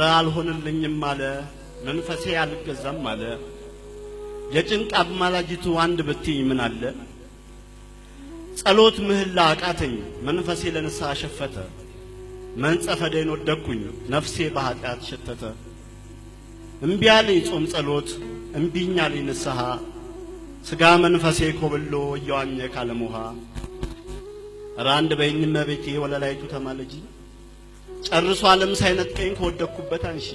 ኧረ አልሆንልኝም አለ። መንፈሴ አልገዛም አለ። የጭንቅ አማላጅቱ አንድ ብትኝ ምን አለ? ጸሎት ምህላ አቃተኝ፣ መንፈሴ ለንስሐ ሸፈተ። መንጸፈ ደይን ወደኩኝ፣ ነፍሴ በኃጢአት ሸተተ። እምቢ አለኝ ጾም ጸሎት፣ እምቢኝ አለኝ ንስሐ፣ ሥጋ መንፈሴ ኮብሎ እየዋኘ ካለም ውሃ። ኧረ አንድ በይኝ እመቤቴ ወለላይቱ ተማለጂ ጨርሶ ዓለም ሳይነጥቀኝ ከወደኩበት አንሺ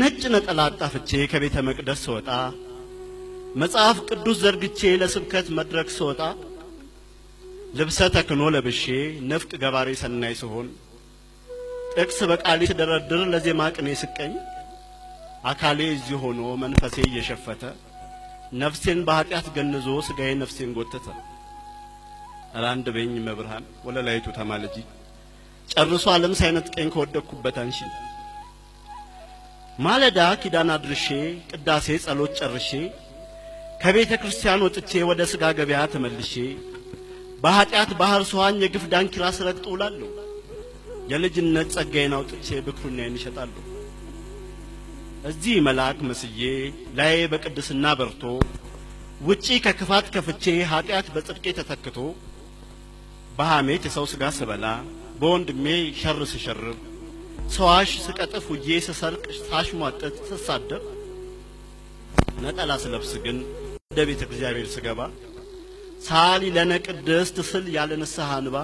ነጭ ነጠላ አጣፍቼ ከቤተ መቅደስ ስወጣ መጽሐፍ ቅዱስ ዘርግቼ ለስብከት መድረክ ስወጣ ልብሰ ተክኖ ለብሼ ነፍቅ ገባሬ ሰናይ ሲሆን ጥቅስ በቃሊ ስደረድር ለዜማ ቅኔ ስቀኝ አካሌ እዚህ ሆኖ መንፈሴ እየሸፈተ ነፍሴን በኃጢአት ገንዞ ስጋዬ ነፍሴን ጎተተ። አላንድ በኝ መብርሃን ወለላይቱ ተማልጂ ጨርሶ ዓለም ቀኝ ከወደኩበት አንሺ ማለዳ ኪዳን አድርሼ ቅዳሴ ጸሎት ጨርሼ ከቤተ ክርስቲያን ወጥቼ ወደ ስጋ ገበያ ተመልሼ በኀጢአት ባህር ሰዋኝ የግፍ ዳንኪራ ስረግጥ ውላለሁ። የልጅነት ጸጋዬን አውጥቼ ብኩርናዬን እሸጣለሁ። እዚህ መልአክ መስዬ ላይ በቅድስና በርቶ ውጪ ከክፋት ከፍቼ ኀጢአት በጽድቄ ተተክቶ በሐሜት የሰው ስጋ ስበላ በወንድሜ ሸር ስሸርብ ሰዋሽ ስቀጥፍ ውዬ ስሰርቅ ሳሽሟጠጥ ስሳደብ ነጠላ ስለብስ ግን ወደ ቤተ እግዚአብሔር ስገባ ሳሊ ለነቅድስት ስል ያለ ንስሐ እንባ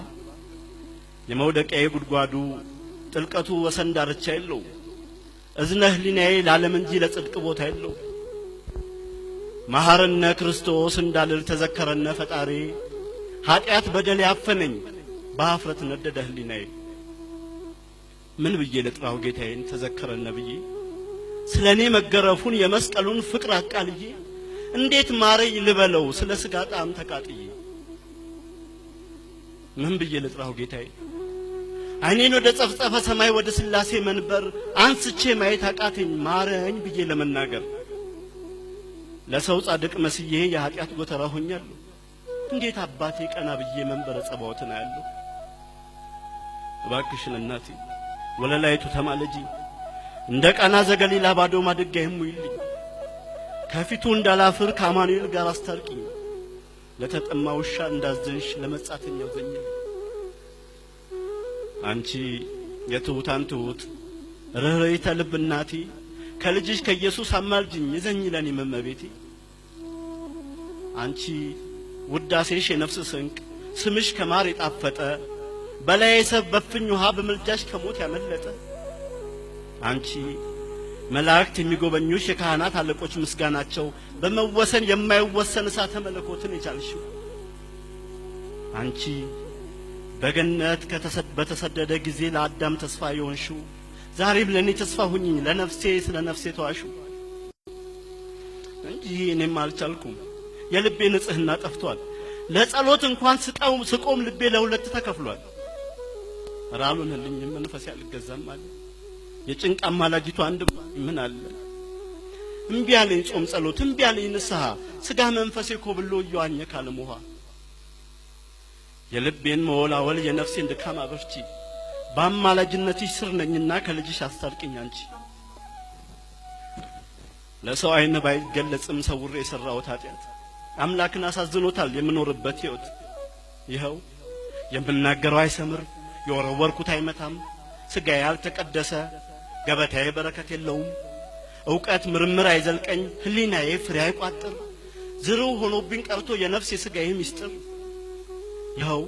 የመውደቂያዬ ጉድጓዱ ጥልቀቱ ወሰን ዳርቻ የለው እዝነ ህሊናዬ ለዓለም እንጂ ለጽድቅ ቦታ የለው። መሐረነ ክርስቶስ እንዳልል ተዘከረነ ፈጣሪ ኃጢአት በደል ያፈነኝ በሀፍረት ነደደ ህሊናዬ። ምን ብዬ ልጥራው ጌታዬን ተዘከረን ነብዬ፣ ስለ እኔ መገረፉን የመስቀሉን ፍቅር አቃልዬ፣ እንዴት ማረኝ ልበለው ስለ ስጋ ጣም ተቃጥዬ። ምን ብዬ ልጥራው ጌታዬ አይኔን ወደ ጸፍጸፈ ሰማይ ወደ ስላሴ መንበር አንስቼ ማየት አቃተኝ ማረኝ ብዬ ለመናገር። ለሰው ጻድቅ መስዬ የኃጢአት ጎተራ ሆኛለሁ። እንዴት አባቴ ቀና ብዬ መንበረ ጸባዎትን አያለሁ። እባክሽን እናቴ ወለላይቱ ተማለጂ እንደ ቃና ዘገሊላ ባዶ ማድጋ ይሙይልኝ ከፊቱ እንዳላፍር ከአማኑኤል ጋር አስታርቂኝ ለተጠማ ውሻ እንዳዘንሽ ለመጻተኛው ዘኝ አንቺ የትሑታን ትሑት ርኅርኅተ ልብ እናቴ ከልጅሽ ከኢየሱስ አማልጅኝ የዘኝ ለኔ መመቤቴ አንቺ ውዳሴሽ የነፍስ ስንቅ ስምሽ ከማር የጣፈጠ በላይ ሰብ በፍኝ ውሃ በምልጃሽ ከሞት ያመለጠ አንቺ መላእክት የሚጎበኙሽ የካህናት አለቆች ምስጋናቸው በመወሰን የማይወሰን እሳተ መለኮትን የቻልሽው አንቺ በገነት በተሰደደ ጊዜ ለአዳም ተስፋ የሆንሽው ዛሬም ለእኔ ተስፋ ሁኝኝ ለነፍሴ ስለ ነፍሴ ተዋሹ እንጂ እኔም አልቻልኩም። የልቤ ንጽህና ጠፍቷል። ለጸሎት እንኳን ስቆም ልቤ ለሁለት ተከፍሏል። ኧረ አልሆነልኝም፣ መንፈሴ አልገዛም አለ። የጭንቅ አማላጅቱ አንድ ምን አለ እምቢ አለኝ ጾም ጸሎት፣ እምቢ አለኝ ንስሐ፣ ስጋ መንፈሴ ኮብሎ እየዋኘ ካለም ውሃ የልቤን መወላወል የነፍሴን ድካም አበርቺ፣ በአማላጅነትሽ ስር ነኝና ከልጅሽ አስታርቅኝ አንቺ። ለሰው አይን ባይገለጽም ሰውር የሰራሁት ኃጢአት አምላክን አሳዝኖታል የምኖርበት ህይወት ይኸው የምናገረው አይሰምር የወረወርኩት አይመታም፣ ስጋ ያልተቀደሰ፣ ገበታዬ በረከት የለውም። እውቀት ምርምር አይዘልቀኝ፣ ህሊናዬ ፍሬ አይቋጥር፣ ዝርው ሆኖብኝ ቀርቶ የነፍስ የስጋዬ ምስጢር ይኸው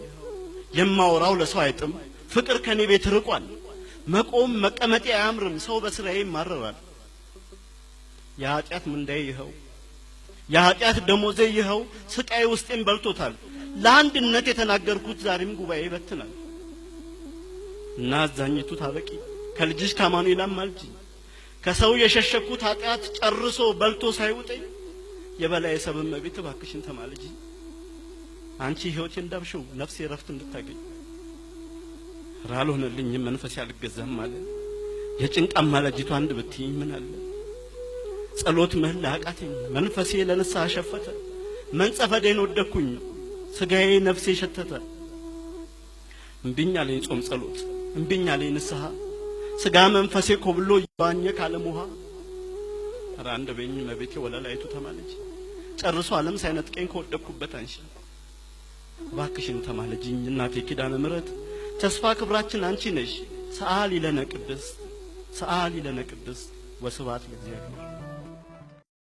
የማወራው ለሰው አይጥም። ፍቅር ከኔ ቤት ርቋል። መቆም መቀመጤ አያምርም። ሰው በስራዬ ይማረራል። የኃጢአት ምንዳዬ ይኸው፣ የኃጢአት ደሞዜ ይኸው። ስቃይ ውስጤን በልቶታል። ለአንድነት የተናገርኩት ዛሬም ጉባኤ ይበትናል። እና አዛኝቱ ታበቂ ከልጅሽ ከአማኑኤላም አልጂ ከሰው የሸሸኩት ኃጢአት ጨርሶ በልቶ ሳይውጠኝ የበላይ ሰብን መቤት ባክሽን ተማልጂ። አንቺ ህይወቴ እንዳብሽው ነፍሴ ረፍት እንድታገኝ ራልሆነልኝም መንፈስ ያልገዛም አለ የጭንቃ አማላጅቱ አንድ ብትይ ምን አለ ጸሎት ምህላ አቃተኝ መንፈሴ ለንስሐ ሸፈተ መንጸፈዴን ወደኩኝ ስጋዬ ነፍሴ ሸተተ እምቢኝ አለኝ ጾም ጸሎት እምቢኝ አለኝ ንስሐ ስጋ መንፈሴ ኮብሎ ይባኘ ካለም ውሃ ኧረ አንደበኝ መቤቴ ወለላይቱ ተማለጅ ጨርሶ አለም ሳይነጥቀኝ ከወደቅኩበት አንሺ ባክሽን ተማለጅኝ እናቴ ኪዳነ ምረት ተስፋ ክብራችን አንቺ ነሽ ሰአሊ ለነ ቅድስት ሰአሊ ለነ ቅድስት ወስብሐት ለእግዚአብሔር